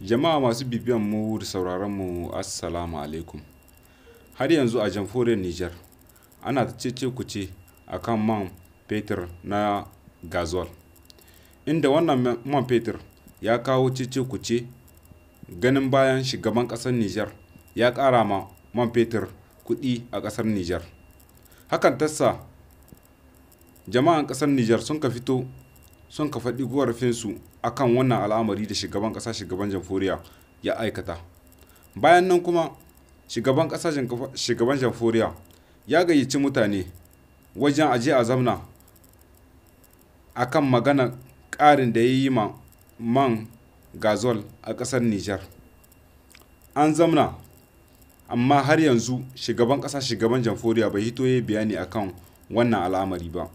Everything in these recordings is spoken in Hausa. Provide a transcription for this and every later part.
jama'a masu bibiyan mu da sauraron mu assalamu alaikum har yanzu a jamhuriyar niger ana ta cece kuce a kan man fetur na gazol inda wannan man fetur ya kawo cece kuce ganin bayan shugaban kasar niger ya kara ma man fetur kudi a kasar niger hakan tassa jama'an kasar niger sun ka fito sun ka faɗi gorafinsu a kan wannan al'amari da shugaban ƙasa shugaban jamhuriya ya aikata bayan nan kuma shugaban ƙasa shugaban jamhuriya ya gayyaci mutane wajen aje a zamna a kan magana ƙarin da ya yi ma man gazol a ƙasar nijar an zamna amma har yanzu shugaban ƙasa shugaban jamhuriya bai hito ya bayani akan wannan al'amari ba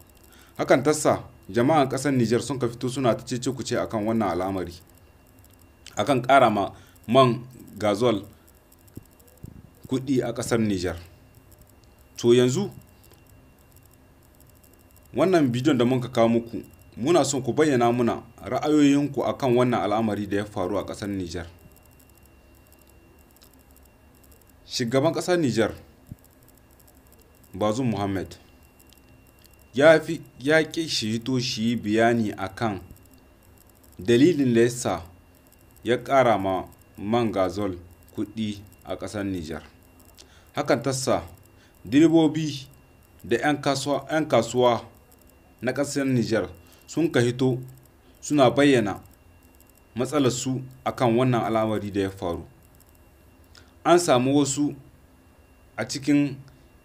hakan tassa jama'an ƙasar Nijar sun ka fito suna ta cece kuce akan wannan al'amari akan ƙara ma man gazol kuɗi a ƙasar Nijar to yanzu wannan bidiyon da muka kawo muku muna son ku bayyana muna ra'ayoyinku akan wannan al'amari da ya faru a ƙasar Nijar shugaban ƙasar Nijar Bazum Muhammad ya ƙi shi shi yi bayani a kan dalilin da ya ƙara ma man gazol kuɗi a ƙasar Nijar. Hakan tassa direbobi da 'yan kasuwa na ƙasar Nijar sun ka hito suna bayyana matsalarsu a kan wannan al'amari da ya faru. An samu wasu a cikin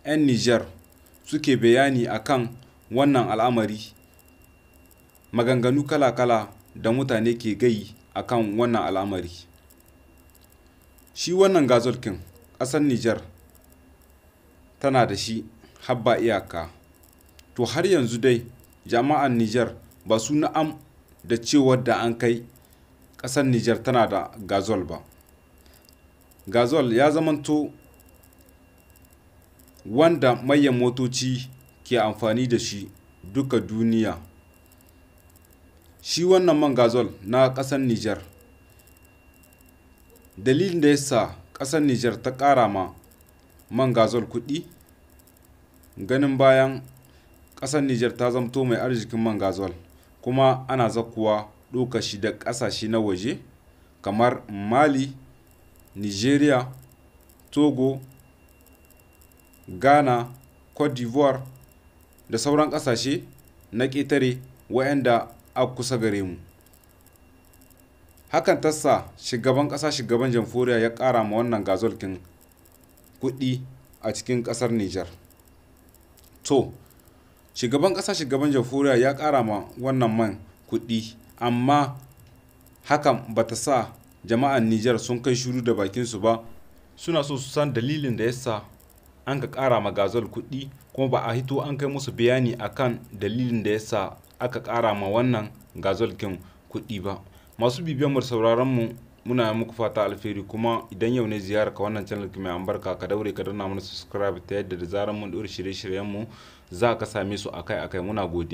'yan Nijar suke bayani a kan wannan al'amari maganganu kala-kala da mutane ke gai a kan wannan al'amari shi wannan gazolkin ƙasar nijar tana da shi habba iyaka to har yanzu dai jama'an nijar ba su na'am da cewar da an kai ƙasar nijar tana da gazol ba gazol ya zamanto wanda manyan motoci ke amfani da shi duka duniya shi wannan man gazol na ƙasar niger dalilin da ya sa ƙasar niger ta ƙara ma man gazol kuɗi ganin bayan ƙasar niger ta zamto mai arzikin man gazol kuma ana zakuwa ɗoka shi da ƙasashe na waje kamar mali nigeria togo ghana cote d'ivoire da sauran ƙasashe na ƙetare waɗanda a kusa gare mu hakan tassa shugaban ƙasa shugaban jamhuriya ya ƙara ma wannan gazolkin kuɗi a cikin ƙasar nijar to shugaban ƙasa shugaban jamhuriya ya ƙara ma wannan man kuɗi amma hakan ba ta sa jama'an nijar sun kai shuru da bakinsu ba suna so su san dalilin da ya sa an ka kara ma gazol kuɗi kuma ba a hito an kai musu bayani akan dalilin da yasa aka ƙara ma wannan gazol kin kuɗi ba masu bibiyan mu sauraron mu muna muku fata alferi kuma idan yau ne ziyara ka wannan channel mai ambarka ka daure ka danna mana subscribe ta yadda da zarar mun ɗora shirye-shiryen mu za ka same su akai-akai muna godiya